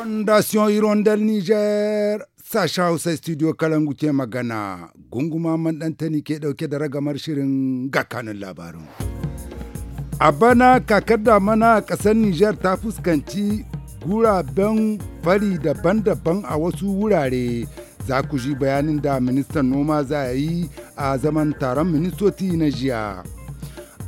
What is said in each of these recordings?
Fondation Hirondelle Niger Sasha Hausa Studio Kalangu ke magana gunguma tani ke dauke da ragamar shirin gakanin labarin. A bana kakar damana kasar Niger ta fuskanci guraben fari daban-daban a wasu wurare za ku ji bayanin da ministan noma za a yi a zaman taron ministoci na jiya.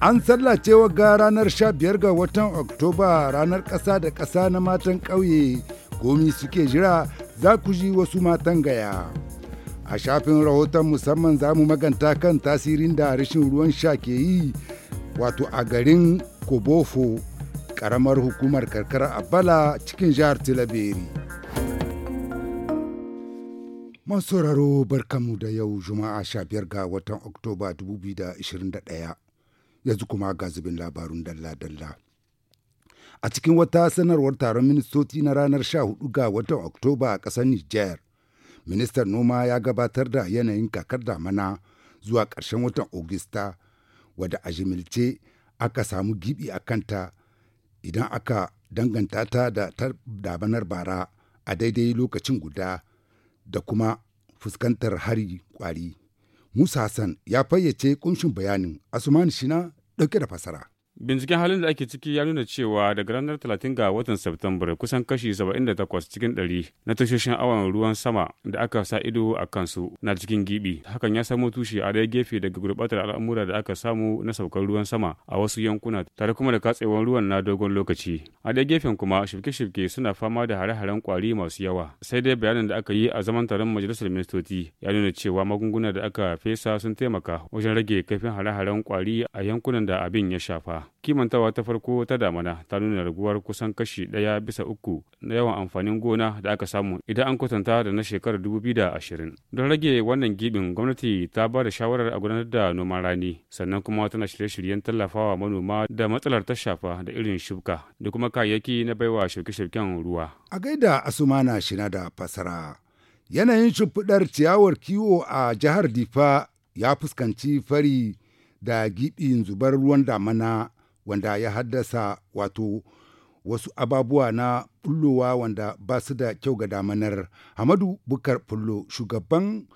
An sallacewa ga ranar 15 ga watan Oktoba ranar ƙasa da ƙasa na matan ƙauye komi suke jira za ku ji wasu matan gaya. A shafin rahoton musamman za mu maganta kan tasirin da rashin ruwan sha ke yi wato a garin Kobofo, karamar hukumar karkara a bala cikin jihar Tilaberi. sauraro barkanmu da yau juma'a shabiyar ga watan oktoba 2021 yanzu kuma ga zubin labarun dalla-dalla A cikin wata sanarwar taron ministoci na ranar 14 ga watan Oktoba a ƙasar niger ministan noma ya gabatar da yanayin kakar damana zuwa ƙarshen watan Ogista, wadda a jimilce aka samu gibi a kanta idan aka danganta ta da tabanar bara a daidai lokacin guda da kuma fuskantar hari kwari. Musa Hassan ya fayyace kunshin bayanin Asumani Shina ɗauke da fasara. Binciken halin da ake ciki ya nuna cewa daga ranar 30 ga watan Septembar kusan kashi 78 cikin 100 na tashoshin awon ruwan sama da aka sa ido a kansu na cikin gibi. Hakan ya samo tushe a daya gefe daga gurbatar al'amura da aka samu na saukar ruwan sama a wasu yankuna tare kuma da katsewar ruwan na dogon lokaci. A daya gefen kuma shirke-shirke suna fama da hare-haren kwari masu yawa. Sai dai bayanan da aka yi a zaman taron majalisar ministoci ya nuna cewa magunguna da aka fesa sun taimaka wajen rage kaifin hare-haren kwari a yankunan da abin ya shafa. kimantawa ta farko ta damana ta nuna raguwar kusan kashi ɗaya bisa uku na yawan amfanin gona da aka samu idan an kwatanta da na shekarar dubu da ashirin don rage wannan gibin gwamnati ta ba da shawarar a gudanar da noman rani sannan kuma tana shirye-shiryen tallafawa manoma da matsalar ta shafa da irin shuka da kuma kayayyaki na baiwa shirke-shirken ruwa a gaida asumana shina da fasara yanayin shimfiɗar ciyawar kiwo a jihar difa ya fuskanci fari da giɓin zubar ruwan damana wanda ya haddasa wato wasu ababuwa na bullowa wanda ba su da kyau ga damanar. Hamadu Bukar Fullo shugaban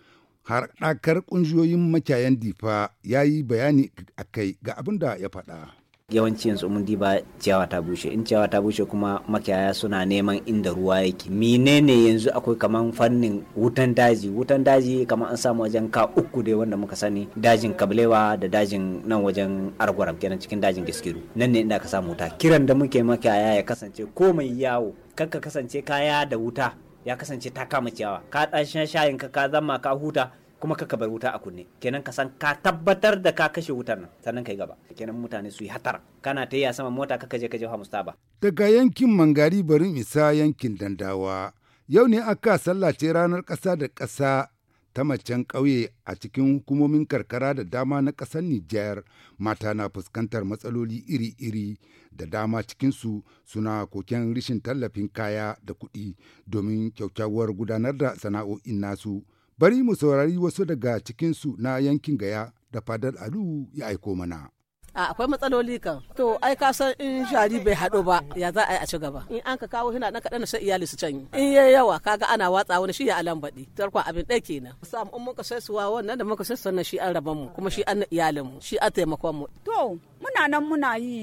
haɗakar ƙungiyoyin makiyayan difa ya yi bayani a kai ga abin da ya faɗa. yawanci yanzu mun diba ciyawa ta bushe in ciyawa ta bushe kuma makiyaya suna neman inda ruwa yake menene yanzu akwai kaman fannin wutan daji wutan daji kamar an samu wajen ka uku dai wanda muka sani dajin kablewa da dajin nan wajen argwaram kenan cikin dajin giskiru nan ne inda ka samu wuta kiran da muke makiyaya ya kasance komai yawo kakka kasance kaya da wuta ya kasance ta kama ciyawa ka ɗan shayin ka ka zama ka huta kuma ka bar wuta a kunne kenan ka san ka tabbatar da ka kashe wutar nan sannan kai gaba kenan mutane su yi hatara kana ta yi sama mota ka kaje-kaje ka Hamusta ba. daga yankin mangari barin isa yankin dandawa yau ne aka sallace ranar ƙasa da ƙasa ta macen ƙauye a cikin hukumomin karkara da dama na ƙasar Nijar mata na fuskantar matsaloli iri-iri da dama cikinsu suna koken rishin tallafin kaya da kuɗi domin kyaukyawar gudanar da sana'o'in nasu. Bari mu saurari wasu daga cikinsu na yankin Gaya da Fadar Alu ya aiko mana. akwai matsaloli kan to ai ka san in jari bai haɗu ba ya za a yi a ci gaba in an ka kawo hina dan kaɗan sai iyali su canyi in yayi yawa kaga ana watsa wani shi ya alan baɗi tarkon abin ɗaya kenan sam in muka sai suwa wannan da muka sai sannan shi an raban mu kuma shi an iyalin mu shi an taimakon mu to muna nan muna yi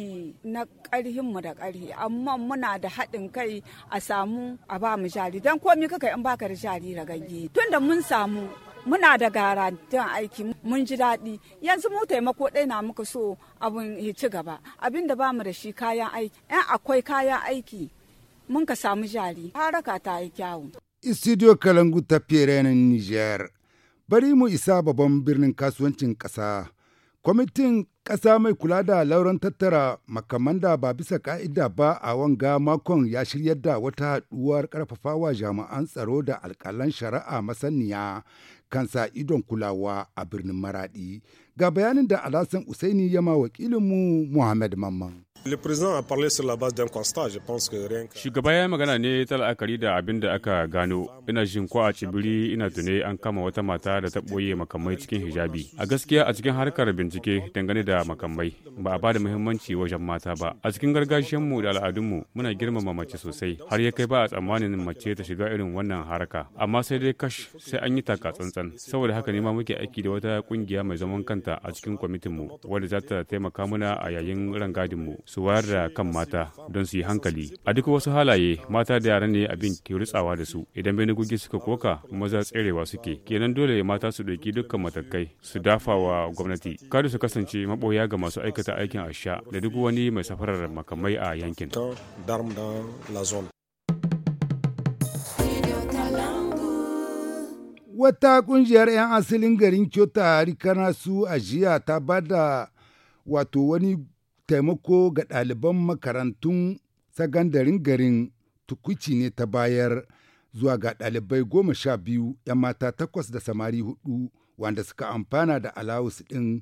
na ƙarhin mu da ƙarhi amma muna da haɗin kai a samu a ba mu jari dan komai kaka in baka da jari ragagge tunda mun samu muna da garantin aiki mun ji daɗi yanzu mu taimako ɗaya na muka so abun ya ci gaba abin da bamu da shi kayan aiki yan akwai kayan aiki mun ka samu jari haraka ta yi kyawu. istidiyo kalangu ta fiye niger bari mu isa babban birnin kasuwancin ƙasa Kwamitin ƙasa mai kula da lauran tattara makaman da ba bisa ƙa'ida ba a wanga makon ya shirya da wata haɗuwar ƙarfafawa jami'an tsaro da alƙalan shari'a masaniya sa idon kulawa a birnin Maraɗi. Ga bayanin da Alhassan Usaini yama wakilinmu Muhammad Mamman. Shugaba ya magana ne ta la'akari da abin da aka gano. Ina jin ko a cibiri ina tune an kama wata mata da ta ɓoye makamai cikin hijabi. A gaskiya a cikin harkar bincike dangane da makamai ba a bada muhimmanci wajen mata ba. A cikin mu da al'adunmu muna girmama mace sosai har ya kai ba a tsammanin mace ta shiga irin wannan haraka Amma sai dai kash sai an yi taka tsantsan. Saboda haka ne ma muke aiki da wata kungiya mai zaman kanta a cikin kwamitinmu wadda za ta taimaka mana a yayin rangadinmu. su wayar da kan mata don su yi hankali a duk wasu halaye mata da yara ne abin ke rutsawa da su idan benegogi suka koka maza tserewa suke kenan dole mata su ɗauki dukkan matakai su dafa wa gwamnati kada su kasance maboya ga masu aikata aikin asha da duk wani mai safarar makamai a yankin Wata kungiyar 'yan asalin garin Kyoto Rikana su a jiya ta bada wato wani taimako ga ɗaliban makarantun sagandarin garin tukuci ne ta bayar zuwa ga ɗalibai goma sha biyu 'yan mata takwas da samari hudu wanda suka amfana da alawus ɗin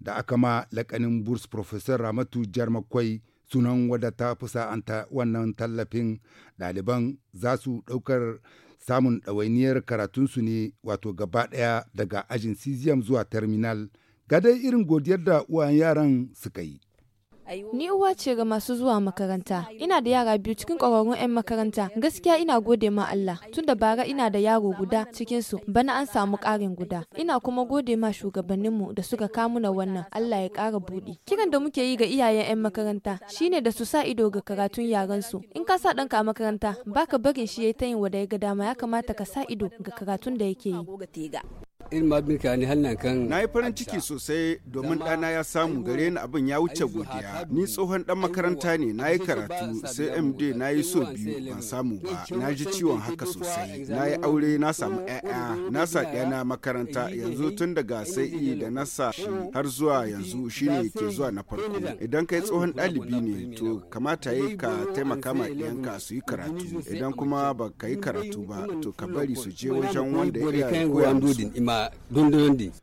da aka ma lakanin burs professor ramatu jarmakwai sunan wadda ta fi sa'anta wannan tallafin ɗaliban za su ɗaukar samun ɗawainiyar karatunsu ne wato gaba ɗaya daga ajin cesium zuwa terminal ga dai irin godiyar da uwayen yaran suka yi Ni uwa ce ga masu zuwa makaranta. Ina da yara biyu cikin ƙwararrun 'yan makaranta. Gaskiya ina gode ma Allah. tun da bara ina da yaro guda cikin su, bana an samu ƙarin guda. Ina kuma gode ma shugabanninmu da suka na wannan. Allah ya ƙara buɗi. Kiran da muke yi ga iyayen 'yan makaranta shine da su sa ido ga karatun yaran su. In ka sa ɗanka a makaranta, baka barin shi ya ta yin wada ya ga dama ya kamata ka sa ido ga karatun da yake yi. Na yi farin ciki sosai domin dana ya samu gare ni abin ya wuce godiya. Ni tsohon dan makaranta ne na yi karatu sai MD na yi so biyu ban samu ba. Na ji ciwon haka sosai. Na yi aure na samu ‘ya'ya. Na sa na makaranta yanzu tun daga sai e da na sa shi har zuwa yanzu shine ke zuwa na farko. Idan kai tsohon ɗalibi ne to kamata yi ka taimaka ma ɗiyanka su yi karatu. Idan kuma ba ka yi karatu ba to ka bari su je wajen wanda ya koya ma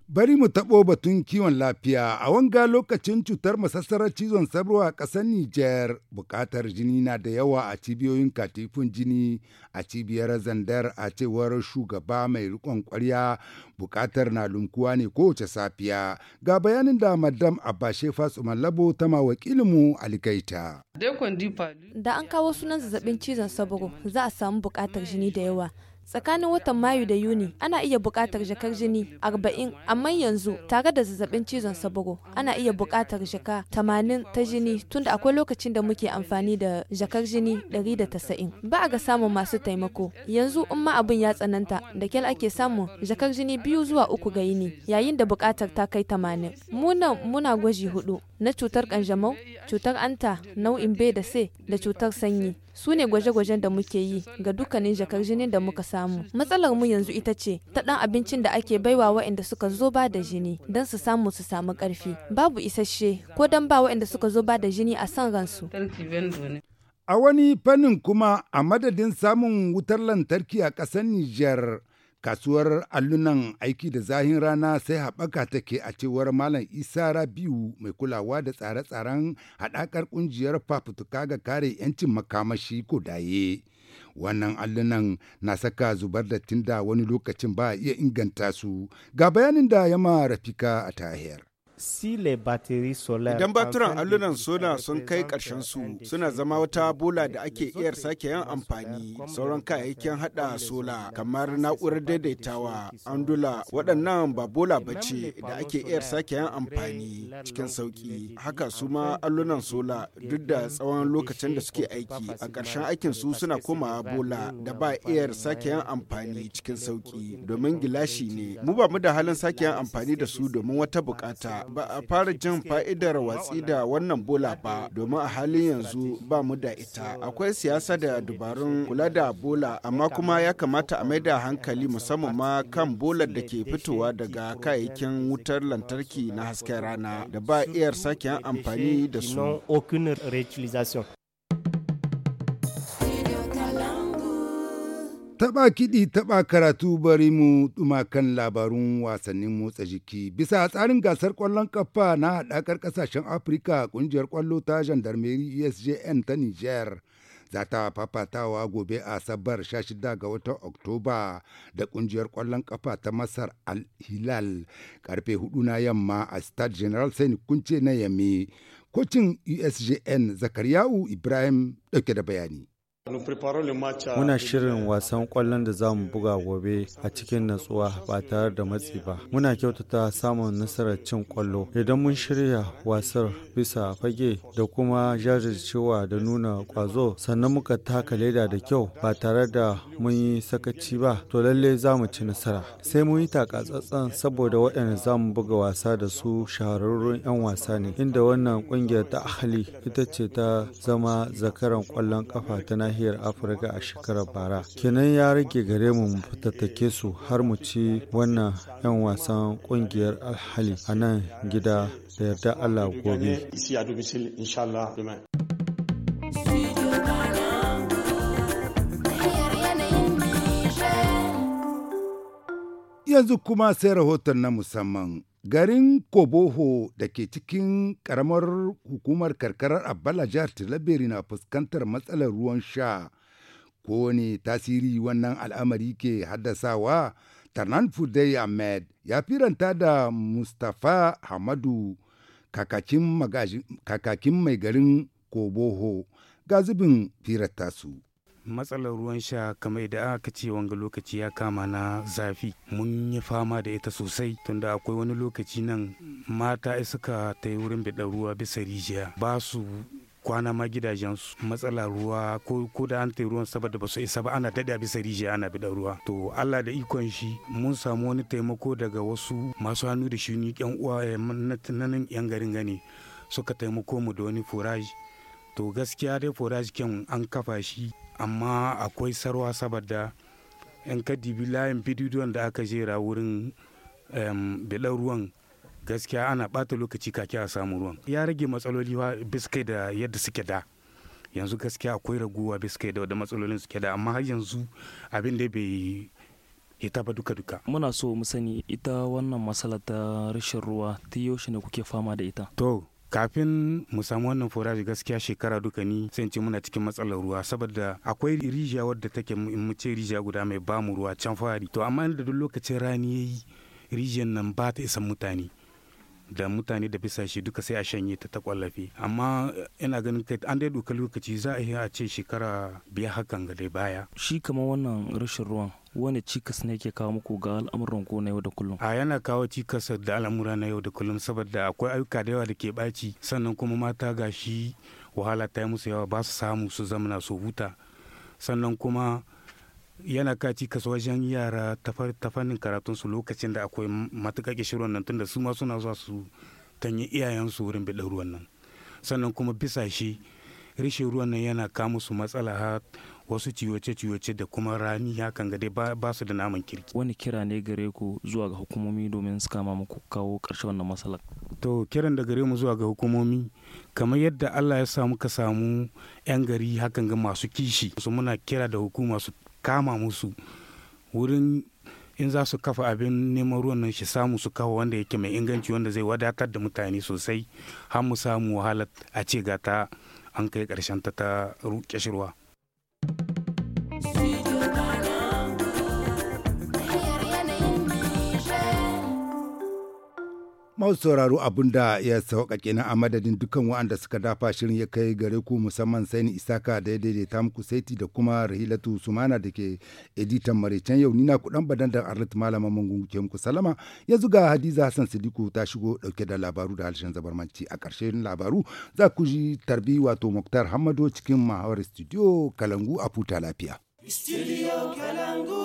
Bari mu taɓo batun kiwon lafiya a wanga lokacin cutar masassarar cizon sabro a ƙasar Nijar buƙatar jini na da yawa a cibiyoyin katifin jini a cibiyar zandar a cewar shugaba mai riƙon ƙwarya buƙatar na lunkuwa ne kowace safiya ga bayanin da madam Abashe Fatsuman Labo ta ma wakilinmu Alikaita. Da an kawo sunan zazzabin cizon sabro za a samu buƙatar jini da yawa tsakanin watan mayu da yuni ana iya buƙatar jakar jini 40 amma yanzu tare da zazzabin cizon saburo ana iya buƙatar jaka 80 ta jini tunda akwai lokacin da muke amfani da jakar jini 190 ba a ga samun masu taimako yanzu in ma abin ya tsananta da kyal ake samun jakar jini biyu zuwa uku ga yini yayin da buƙatar ta kai 80 mu muna gwaji hudu na cutar kanjamau cutar anta nau'in b da c da cutar sanyi su ne gwaje-gwajen da muke yi ga dukkanin jakar jinin da muka samu matsalar mu yanzu ita ce ta ɗan abincin da ake baiwa waɗanda suka zo ba da jini don su samu su samu ƙarfi babu isasshe ko don ba waɗanda suka zo ba da jini a san ransu a wani fannin kuma a madadin samun wutar lantarki a ƙasar Nijar kasuwar allunan aiki da zahin rana sai haɓaka take a cewar malam isa rabiu mai kulawa da tsare-tsaren haɗakar ƙungiyar fafutuka ga kare 'yancin makamashi ko daye wannan allunan na saka zubar da tinda wani lokacin ba a iya inganta su ga bayanin da yama rafika a tahiyar sile batiri solar idan baturan allunan sola sun kai ƙarshen su suna zama wata bola da ake iya sake yin amfani sauran kayayyakin hada sola kamar na'urar daidaitawa andula waɗannan ba bola bace da ake iya sake yin amfani cikin sauƙi, haka su ma allunan sola duk da tsawon lokacin da suke aiki a ƙarshen aikin su suna komawa bola da ba iya sake yin amfani cikin sauƙi, domin gilashi ne mu ba mu da halin sake yin amfani da su domin wata bukata ba a fara jin fa'idar watsi da wannan bola ba domin a halin yanzu ba mu da ita akwai siyasa da dubarun kula da bola amma kuma ya kamata a mai da hankali musamman ma kan bolar da ke fitowa daga kayayyakin wutar lantarki na hasken rana da ba iyar sake amfani da su Taɓa kiɗi taba karatu bari mu ɗuma kan labarun wasannin motsa jiki. Bisa tsarin gasar ƙwallon ƙafa na haɗakar ƙasashen Afirka ƙungiyar ƙwallo ta Gendarmerie ESJN ta niger Za ta fafatawa gobe a sabar 16 ga watan Oktoba da ƙungiyar ƙwallon ƙafa ta Masar Al Hilal karfe 4 na yamma a Stade General Sani Kunce na yammi Kocin USJN e Zakariyau Ibrahim ɗauke da bayani. Muna shirin wasan kwallon da za mu buga gobe a cikin natsuwa ba tare da matsi ba. Muna kyautata samun nasarar cin kwallo. Idan mun shirya wasar bisa fage da kuma jajircewa da nuna kwazo sannan muka taka leda da kyau ba tare da mun yi sakaci ba to lalle za mu ci nasara. Sai mun yi takatsatsan saboda waɗanda za mu buga wasa da su shahararrun 'yan wasa ne inda wannan ƙungiyar ta ahali ita ce ta zama zakaran kwallon kafa ta nahi. nahiyar afirka a shekarar bara kenan ya rage gare mu mu fitattake su har mu ci wannan 'yan wasan kungiyar alhali a nan gida da yarda allah gobe yanzu kuma sai rahoton na musamman Garin Koboho da ke cikin ƙaramar hukumar karkarar abala jihar tilabiri na fuskantar matsalar ruwan sha. Ko ne tasiri wannan al'amari ke haddasawa? Tarnan Fudai Ahmed ya firanta da Mustapha Hamadu kakakin mai garin Koboho ga zubin su. matsalar ruwan sha kamar da aka ce wanga lokaci ya kama na zafi mun yi fama da ita sosai tunda akwai wani lokaci nan mata suka ta yi wurin biɗa ruwa bisa rijiya ba su kwana ma gidajensu matsala ruwa ko da an tai ruwan saboda ba su isa ba ana daɗe bisa rijiya ana biɗa ruwa to Allah da ikon shi mun samu wani taimako daga wasu masu hannu da ni yan uwa eh, na nan yan garin gani suka taimako mu da wani furaji to gaskiya dai forage kin an kafa shi amma akwai sarwa saboda yan bi layin bidiyon da aka jera wurin bilan ruwan gaskiya ana bata lokaci kake a samu ruwan ya rage matsaloli biskai da yadda suke da yanzu gaskiya akwai raguwa biskai da wadda matsalolin suke da amma har yanzu abin da bai ita ba duka-duka. Muna so mu sani ita wannan matsala ta rashin ruwa ta yaushe ne kuke fama da ita. To, kafin mu samu wannan foraji gaskiya shekara duka ni sai ce muna cikin matsalar ruwa saboda akwai rijiya wadda take in mu ce rijiya guda mai bamu ruwa can fari to amma da duk lokacin rani yayi rijiyar nan ba ta isan mutane da mutane da bisa shi duka sai a shanye ta ta kwallafi amma ina ganin kai an dai doka lokaci za a yi a ce shekara biya hakan ga dai baya shi kamar wannan rashin ruwan wani cikas ne ke kawo muku ga al'amuran ko na yau da kullum a yana kawo cikas da al'amura na yau da kullum saboda akwai ayyuka da yawa da ke ɓaci sannan kuma mata gashi wahala ta yi musu yawa ba su samu su zamana su huta sannan kuma yana kaci kasu wajen yara ta fannin karatunsu lokacin da akwai matuƙa ƙishirwan nan tunda su ma suna zuwa su tanyi iyayensu wurin bidan ruwan nan sannan kuma bisa shi rishin ruwan nan yana kama su matsala ha wasu ciwoce-ciwoce da kuma rani hakan ga dai ba su da naman kirki. Wani kira ne gare ku zuwa ga hukumomi domin su kama muku kawo ƙarshen wannan matsalar? To kiran da gare mu zuwa ga hukumomi kamar yadda Allah ya samu ka samu 'yan gari hakan ga masu kishi. Su muna kira da hukuma su kama musu wurin in za su kafa abin neman ruwan nan shi samu su kawo wanda yake mai inganci wanda zai wadatar da mutane sosai har mu samu wahalar a ce gata an kai karshen ta ta ruke masu sauraro abin da ya sauƙaƙe na a madadin dukkan waɗanda suka dafa shirin ya kai gare ku musamman ni isaka da ya daidaita muku saiti da kuma rahilatu sumana da ke editan maraicen yau nina kuɗan badan da arlit malama mangun ke muku salama yanzu ga hadiza hassan sidiku ta shigo ɗauke da labaru da harshen zabarmanci a ƙarshen labaru za ku ji tarbi wato muktar hamado cikin mahawar studio kalangu a futa lafiya. Studio Kalangu.